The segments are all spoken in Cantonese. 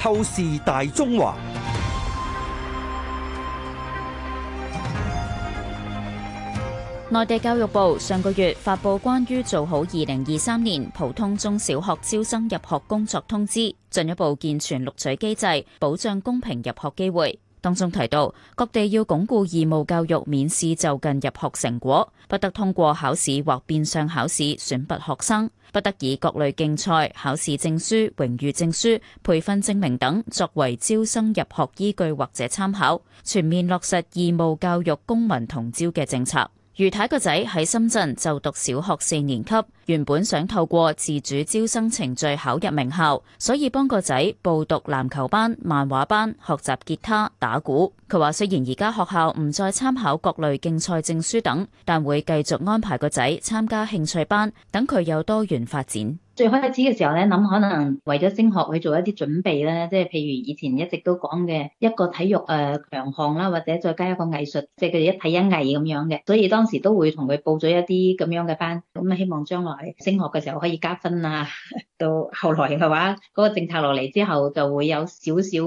透視大中華。內地教育部上個月發布關於做好二零二三年普通中小學招生入學工作通知，進一步健全錄取機制，保障公平入學機會。當中提到，各地要鞏固義務教育免試就近入學成果，不得通過考試或變相考試選拔學生，不得以各類競賽、考試證書、榮譽證書、培訓證明等作為招生入學依據或者參考，全面落實義務教育公民同招嘅政策。余太個仔喺深圳就讀小學四年級。原本想透過自主招生程序考入名校，所以幫個仔報讀籃球班、漫畫班、學習吉他、打鼓。佢話：雖然而家學校唔再參考各類競賽證書等，但會繼續安排個仔參加興趣班，等佢有多元發展。最開始嘅時候咧，諗可能為咗升學去做一啲準備啦，即係譬如以前一直都講嘅一個體育誒強項啦，或者再加一個藝術，即係佢哋一體一藝咁樣嘅，所以當時都會同佢報咗一啲咁樣嘅班，咁啊希望將來，升學嘅時候可以加分啊，到後來嘅話嗰個政策落嚟之後，就會有少少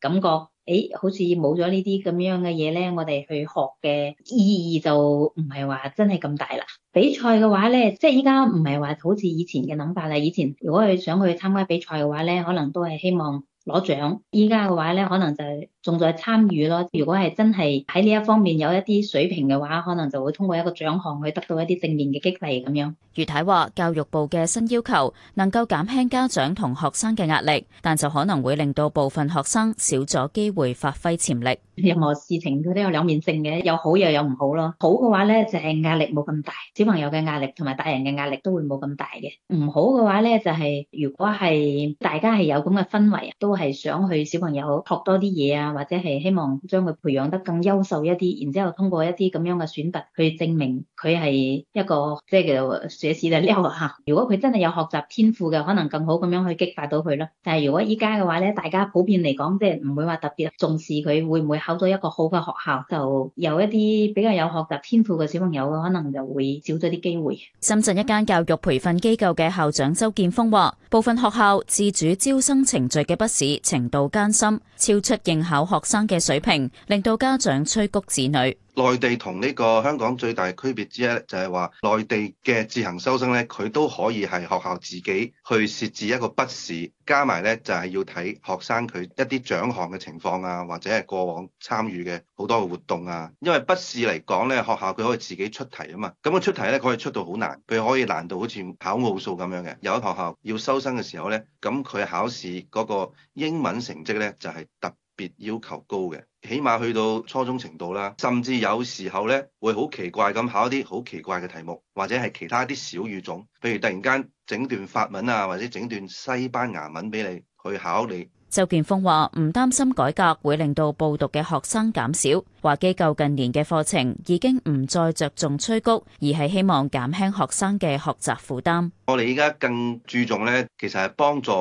感覺，誒，好似冇咗呢啲咁樣嘅嘢咧，我哋去學嘅意義就唔係話真係咁大啦。比賽嘅話咧，即係依家唔係話好似以前嘅諗法啦。以前如果佢想去參加比賽嘅話咧，可能都係希望。攞獎，依家嘅話咧，可能就係重在參與咯。如果係真係喺呢一方面有一啲水平嘅話，可能就會通過一個獎項去得到一啲正面嘅激勵咁樣。余太話，教育部嘅新要求能夠減輕家長同學生嘅壓力，但就可能會令到部分學生少咗機會發揮潛力。任何事情佢都有兩面性嘅，有好又有唔好咯。好嘅話咧，就係、是、壓力冇咁大，小朋友嘅壓力同埋大人嘅壓力都會冇咁大嘅。唔好嘅話咧，就係、是、如果係大家係有咁嘅氛圍，啊，都係想去小朋友學多啲嘢啊，或者係希望將佢培養得更優秀一啲，然之後通過一啲咁樣嘅選拔去證明佢係一個即、就是、叫做寫試嘅學校。嚇，如果佢真係有學習天賦嘅，可能更好咁樣去激發到佢咯。但係如果依家嘅話咧，大家普遍嚟講，即係唔會話特別重視佢，會唔會。考到一個好嘅學校，就有一啲比較有學習天賦嘅小朋友，可能就會少咗啲機會。深圳一間教育培訓機構嘅校長周建峰話，部分學校自主招生程序嘅筆試程度艱深，超出應考學生嘅水平，令到家長催谷子女。內地同呢個香港最大嘅區別之一，就係話內地嘅自行收生呢，佢都可以係學校自己去設置一個筆試，加埋呢，就係要睇學生佢一啲獎項嘅情況啊，或者係過往參與嘅好多嘅活動啊。因為筆試嚟講呢，學校佢可以自己出題啊嘛。咁佢出題呢，佢可以出到好難，佢可以難度好似考奧數咁樣嘅。有一學校要收生嘅時候呢，咁佢考試嗰個英文成績呢，就係特別要求高嘅，起碼去到初中程度啦，甚至有時候咧，會好奇怪咁考一啲好奇怪嘅題目，或者係其他啲小語種，譬如突然間整段法文啊，或者整段西班牙文俾你去考你。周建峰話唔擔心改革會令到報讀嘅學生減少，話機構近年嘅課程已經唔再着重催谷，而係希望減輕學生嘅學習負擔。我哋而家更注重咧，其實係幫助。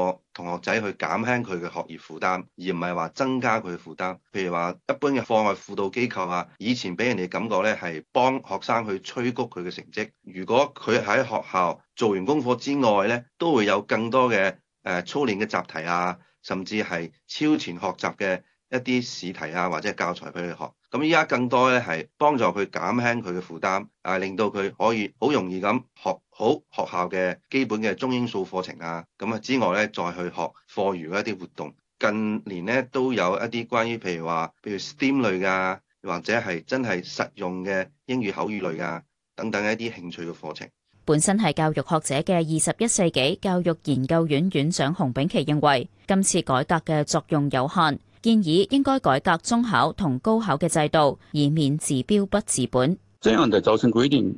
同學仔去減輕佢嘅學業負擔，而唔係話增加佢負擔。譬如話，一般嘅課外輔導機構啊，以前俾人哋感覺咧係幫學生去催谷佢嘅成績。如果佢喺學校做完功課之外咧，都會有更多嘅誒、呃、操練嘅集題啊，甚至係超前學習嘅。一啲試題啊，或者教材俾佢學。咁依家更多咧，係幫助佢減輕佢嘅負擔，啊，令到佢可以好容易咁學好學校嘅基本嘅中英數課程啊。咁啊之外咧，再去學課餘嘅一啲活動。近年咧都有一啲關於譬如話，譬如 STEAM 類啊，或者係真係實用嘅英語口語類啊等等一啲興趣嘅課程。本身係教育學者嘅二十一世紀教育研究院院長洪炳琪認為，今次改革嘅作用有限。建議應該改革中考同高考嘅制度，以免治標不治本。這樣就造成規定。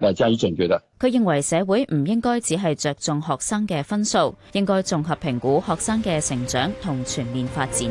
誒、張宇駿記者，佢認為社會唔應該只係着重學生嘅分數，應該綜合評估學生嘅成長同全面發展。